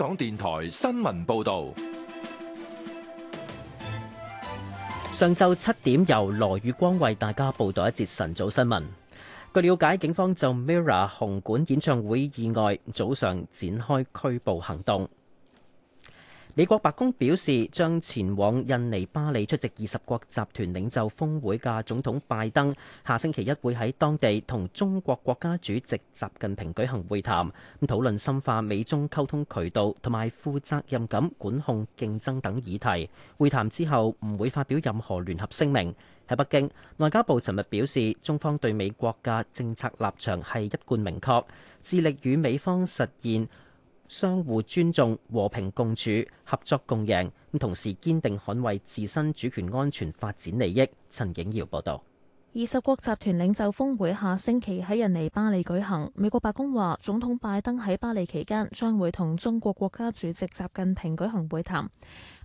港電台新聞報道：上晝七點，由羅宇光為大家報道一節晨早新聞。據了解，警方就 MIRROR 紅館演唱會意外早上展開拘捕行動。美國白宮表示，將前往印尼巴厘出席二十國集團領袖峰會嘅總統拜登，下星期一會喺當地同中國國家主席習近平舉行會談，咁討論深化美中溝通渠道同埋負責任感管控競爭等議題。會談之後唔會發表任何聯合聲明。喺北京，外交部尋日表示，中方對美國嘅政策立場係一貫明確，致力與美方實現。相互尊重、和平共處、合作共贏，同時堅定捍衛自身主權安全、發展利益。陳景耀報道。二十國集團領袖峰會下星期喺印尼巴厘舉行，美國白宮話總統拜登喺巴厘期間將會同中國國家主席習近平舉行會談。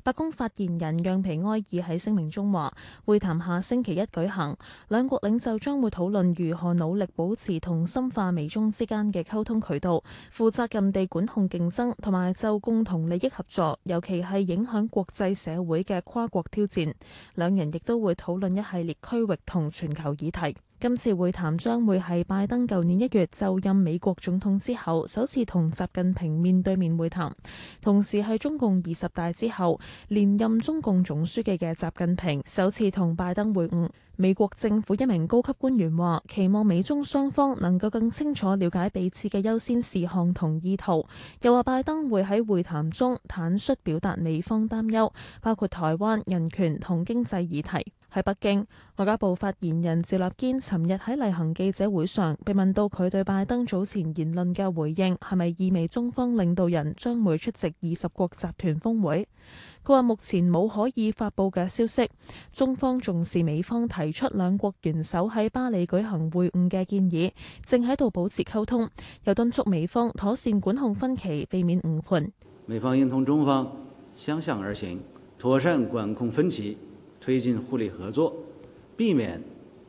白宮發言人讓皮埃爾喺聲明中話，會談下星期一舉行，兩國領袖將會討論如何努力保持同深化美中之間嘅溝通渠道，負責任地管控競爭，同埋就共同利益合作，尤其係影響國際社會嘅跨國挑戰。兩人亦都會討論一系列區域同全球議題。今次會談將會係拜登舊年一月就任美國總統之後，首次同習近平面對面會談，同時係中共二十大之後連任中共總書記嘅習近平首次同拜登會晤。美國政府一名高級官員話：期望美中雙方能夠更清楚了解彼此嘅優先事項同意圖。又話拜登會喺會談中坦率表達美方擔憂，包括台灣、人權同經濟議題。喺北京，外交部發言人趙立堅尋日喺例行記者會上被問到佢對拜登早前言論嘅回應，係咪意味中方領導人將會出席二十國集團峰會，佢話目前冇可以發布嘅消息。中方重視美方提出兩國元首喺巴黎舉行會晤嘅建議，正喺度保持溝通，又敦促美方妥善管控分歧，避免誤判。美方應同中方相向而行，妥善管控分歧，推進互利合作，避免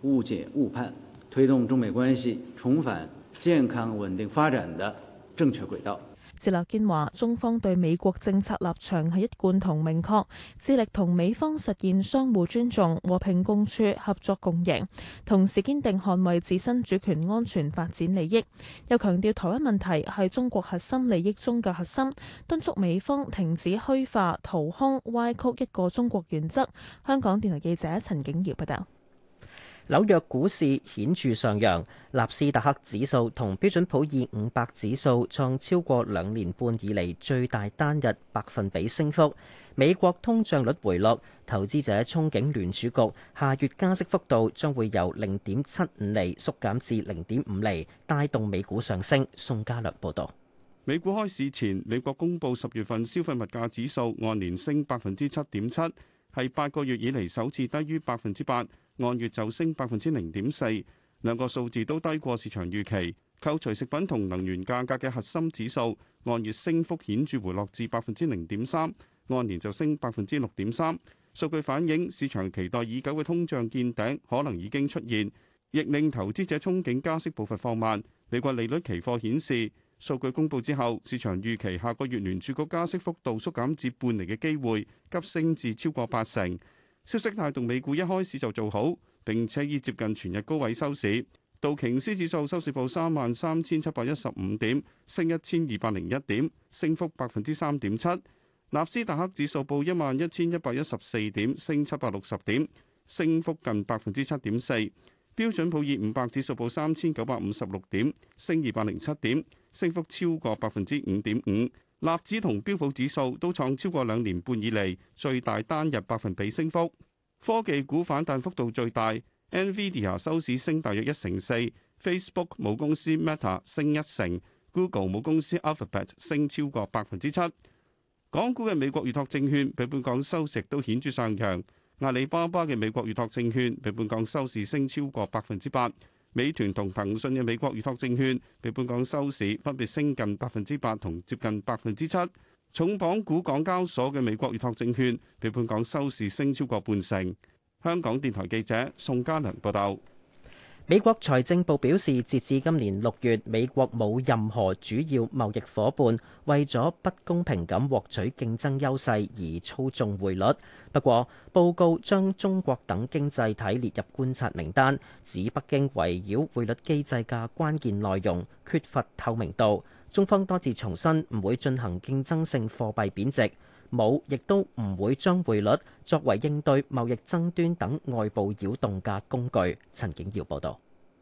誤解誤判，推動中美關係重返健康穩定發展的正確軌道。謝立堅話，中方對美國政策立場係一貫同明確，致力同美方實現相互尊重、和平共處、合作共贏。同時堅定捍衛自身主權、安全、發展利益。又強調台灣問題係中國核心利益中嘅核心，敦促美方停止虛化、掏空、歪曲一個中國原則。香港電台記者陳景堯報道。紐約股市顯著上揚，納斯達克指數同標準普爾五百指數創超過兩年半以嚟最大單日百分比升幅。美國通脹率回落，投資者憧憬聯儲局下月加息幅度將會由零點七五釐縮減至零點五釐，帶動美股上升。宋家略報導，美股開市前，美國公佈十月份消費物價指數按年升百分之七點七，係八個月以嚟首次低於百分之八。按月就升百分之零點四，兩個數字都低過市場預期。扣除食品同能源價格嘅核心指數按月升幅顯著回落至百分之零點三，按年就升百分之六點三。數據反映市場期待已久嘅通脹見頂可能已經出現，亦令投資者憧憬加息步伐放慢。美國利率期貨顯示，數據公布之後市場預期下個月聯儲局加息幅度縮減至半釐嘅機會急升至超過八成。消息態度，美股一開始就做好，並且已接近全日高位收市。道瓊斯指數收市報三萬三千七百一十五點，升一千二百零一點，升幅百分之三點七。納斯達克指數報一萬一千一百一十四點，升七百六十點，升幅近百分之七點四。標準普爾五百指數報三千九百五十六點，升二百零七點，升幅超過百分之五點五。納指同標普指數都創超過兩年半以嚟最大單日百分比升幅，科技股反彈幅度最大，Nvidia 收市升大約一成四，Facebook 母公司 Meta 升一成，Google 母公司 Alphabet 升超過百分之七。港股嘅美國預託證券比本港收市都顯著上揚，阿里巴巴嘅美國預託證券比本港收市升超過百分之八。美團同騰訊嘅美國預託證券，比本港收市分別升近百分之八同接近百分之七。重磅股港交所嘅美國預託證券，比本港收市升超過半成。香港電台記者宋家良報道。美國財政部表示，截至今年六月，美國冇任何主要貿易夥伴為咗不公平咁獲取競爭優勢而操縱匯率。不過，報告將中國等經濟體列入觀察名單，指北京圍繞匯率機制嘅關鍵內容缺乏透明度。中方多次重申唔會進行競爭性貨幣貶值。冇，亦都唔會將匯率作為應對貿易爭端等外部擾動嘅工具。陳景耀報道，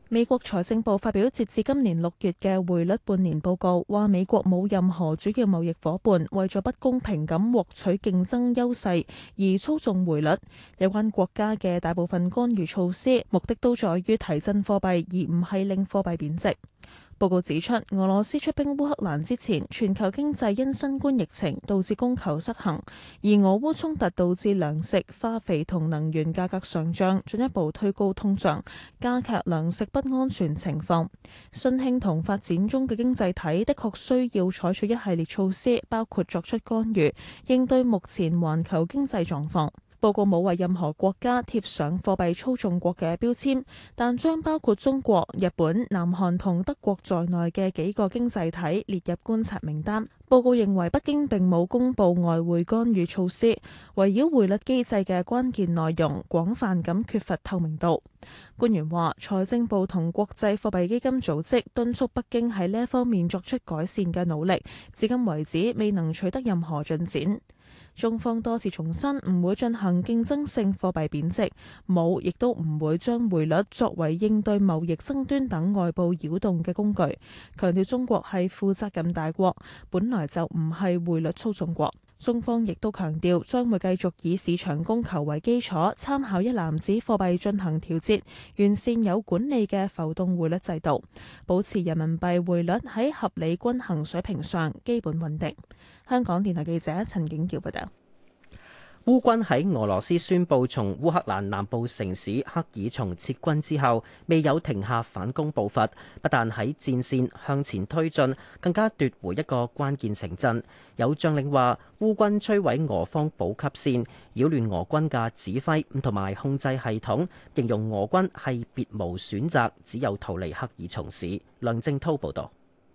美國財政部發表截至今年六月嘅匯率半年報告，話美國冇任何主要貿易夥伴為咗不公平咁獲取競爭優勢而操縱匯率。有關國家嘅大部分干預措施，目的都在於提振貨幣，而唔係令貨幣貶值。報告指出，俄羅斯出兵烏克蘭之前，全球經濟因新冠疫情導致供求失衡，而俄烏衝突導致糧食、化肥同能源價格上漲，進一步推高通脹，加劇糧食不安全情況。新興同發展中嘅經濟體的確需要採取一系列措施，包括作出干預，應對目前環球經濟狀況。報告冇為任何國家貼上貨幣操縱國嘅標籤，但將包括中國、日本、南韓同德國在內嘅幾個經濟體列入觀察名單。報告認為北京並冇公布外匯干預措施，圍繞匯率機制嘅關鍵內容廣泛咁缺乏透明度。官員話，財政部同國際貨幣基金組織敦促北京喺呢一方面作出改善嘅努力，至今為止未能取得任何進展。中方多次重申唔會進行競爭性貨幣貶值，冇亦都唔會將匯率作為應對貿易爭端等外部擾動嘅工具，強調中國係負責任大國，本來就唔係匯率操縱國。中方亦都強調，將會繼續以市場供求為基礎，參考一籃子貨幣進行調節，完善有管理嘅浮動匯率制度，保持人民幣匯率喺合理均衡水平上基本穩定。香港電台記者陳景橋報道。烏軍喺俄羅斯宣布從烏克蘭南部城市克爾松撤軍之後，未有停下反攻步伐，不但喺戰線向前推進，更加奪回一個關鍵城鎮。有將領話，烏軍摧毀俄方補給線，擾亂俄軍嘅指揮同埋控制系統，形容俄軍係別無選擇，只有逃離克爾松市。梁正濤報道。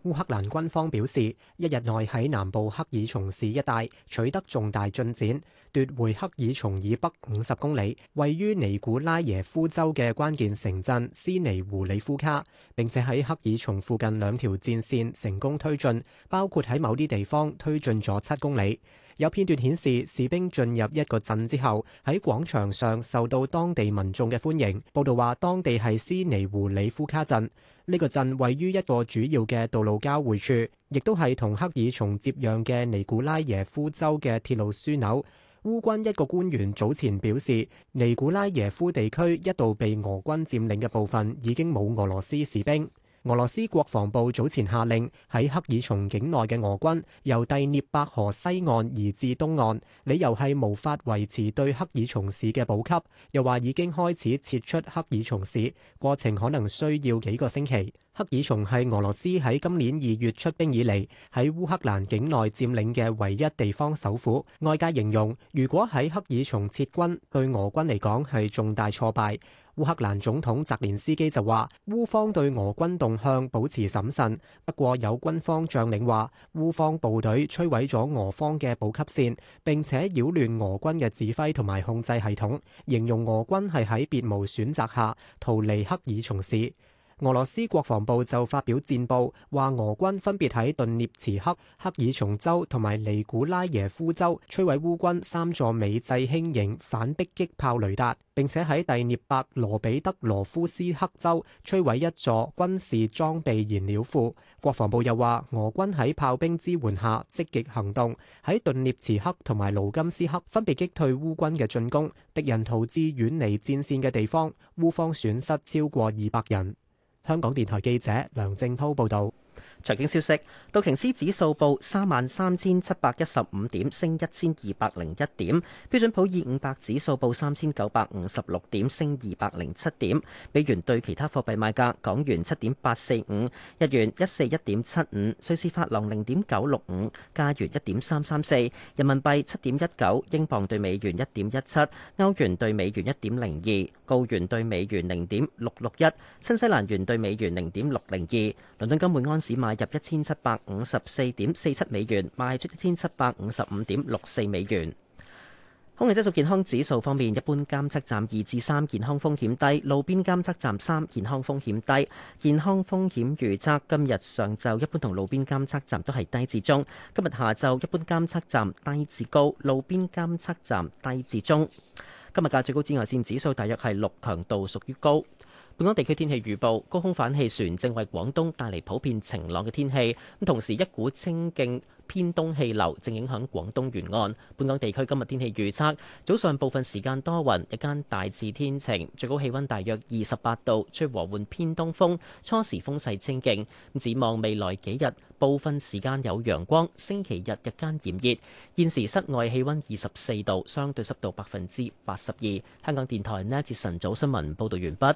烏克蘭軍方表示，一日內喺南部克爾松市一帶取得重大進展，奪回克爾松以北五十公里、位於尼古拉耶夫州嘅關鍵城鎮斯尼胡里夫卡，並且喺克爾松附近兩條戰線成功推進，包括喺某啲地方推進咗七公里。有片段顯示士兵進入一個鎮之後，喺廣場上受到當地民眾嘅歡迎。報道話，當地係斯尼胡里夫卡鎮。呢個鎮位於一個主要嘅道路交匯處，亦都係同克爾松接壤嘅尼古拉耶夫州嘅鐵路樞紐。烏軍一個官員早前表示，尼古拉耶夫地區一度被俄軍佔領嘅部分已經冇俄羅斯士兵。俄羅斯國防部早前下令喺克爾松境內嘅俄軍由第涅伯河西岸移至東岸，理由係無法維持對克爾松市嘅補給，又話已經開始撤出克爾松市，過程可能需要幾個星期。克爾松係俄羅斯喺今年二月出兵以嚟喺烏克蘭境內佔領嘅唯一地方首府。外界形容，如果喺克爾松撤軍，對俄軍嚟講係重大挫敗。烏克蘭總統澤連斯基就話，烏方對俄軍動向保持審慎。不過有軍方將領話，烏方部隊摧毀咗俄方嘅補給線，並且擾亂俄軍嘅指揮同埋控制系統，形容俄軍係喺別無選擇下逃離克爾松市。俄羅斯國防部就發表戰報，話俄軍分別喺頓涅茨克、克爾松州同埋尼古拉耶夫州摧毀烏軍三座美製輕型反迫擊炮雷達，並且喺第涅伯羅比德羅夫斯克州摧毀一座軍事裝備燃料庫。國防部又話，俄軍喺炮兵支援下積極行動，喺頓涅茨克同埋盧甘斯克分別擊退烏軍嘅進攻。敵人逃至遠離戰線嘅地方，烏方損失超過二百人。香港電台記者梁正濤報道。財經消息：道瓊斯指數報三萬三千七百一十五點，升一千二百零一點；標準普爾五百指數報三千九百五十六點，升二百零七點。美元對其他貨幣賣價：港元七點八四五，日元一四一點七五，瑞士法郎零點九六五，加元一點三三四，人民幣七點一九，英鎊對美元一點一七，歐元對美元一點零二，澳元對美元零點六六一，新西蘭元對美元零點六零二。倫敦金每安士買。買入一千七百五十四點四七美元，賣出一千七百五十五點六四美元。空氣質素健康指數方面，一般監測站二至三，健康風險低；路邊監測站三，健康風險低。健康風險預測，今日上晝一般同路邊監測站都係低至中，今日下晝一般監測站低至高，路邊監測站低至中。今日價最高紫外線指數大約係六，強度屬於高。本港地區天氣預報，高空反氣旋正為廣東帶嚟普遍晴朗嘅天氣。咁同時，一股清勁偏東氣流正影響廣東沿岸。本港地區今日天氣預測，早上部分時間多雲，日間大致天晴，最高氣温大約二十八度，吹和緩偏東風，初時風勢清勁。展望未來幾日，部分時間有陽光，星期日日間炎熱。現時室外氣温二十四度，相對濕度百分之八十二。香港電台呢節晨早新聞報導完畢。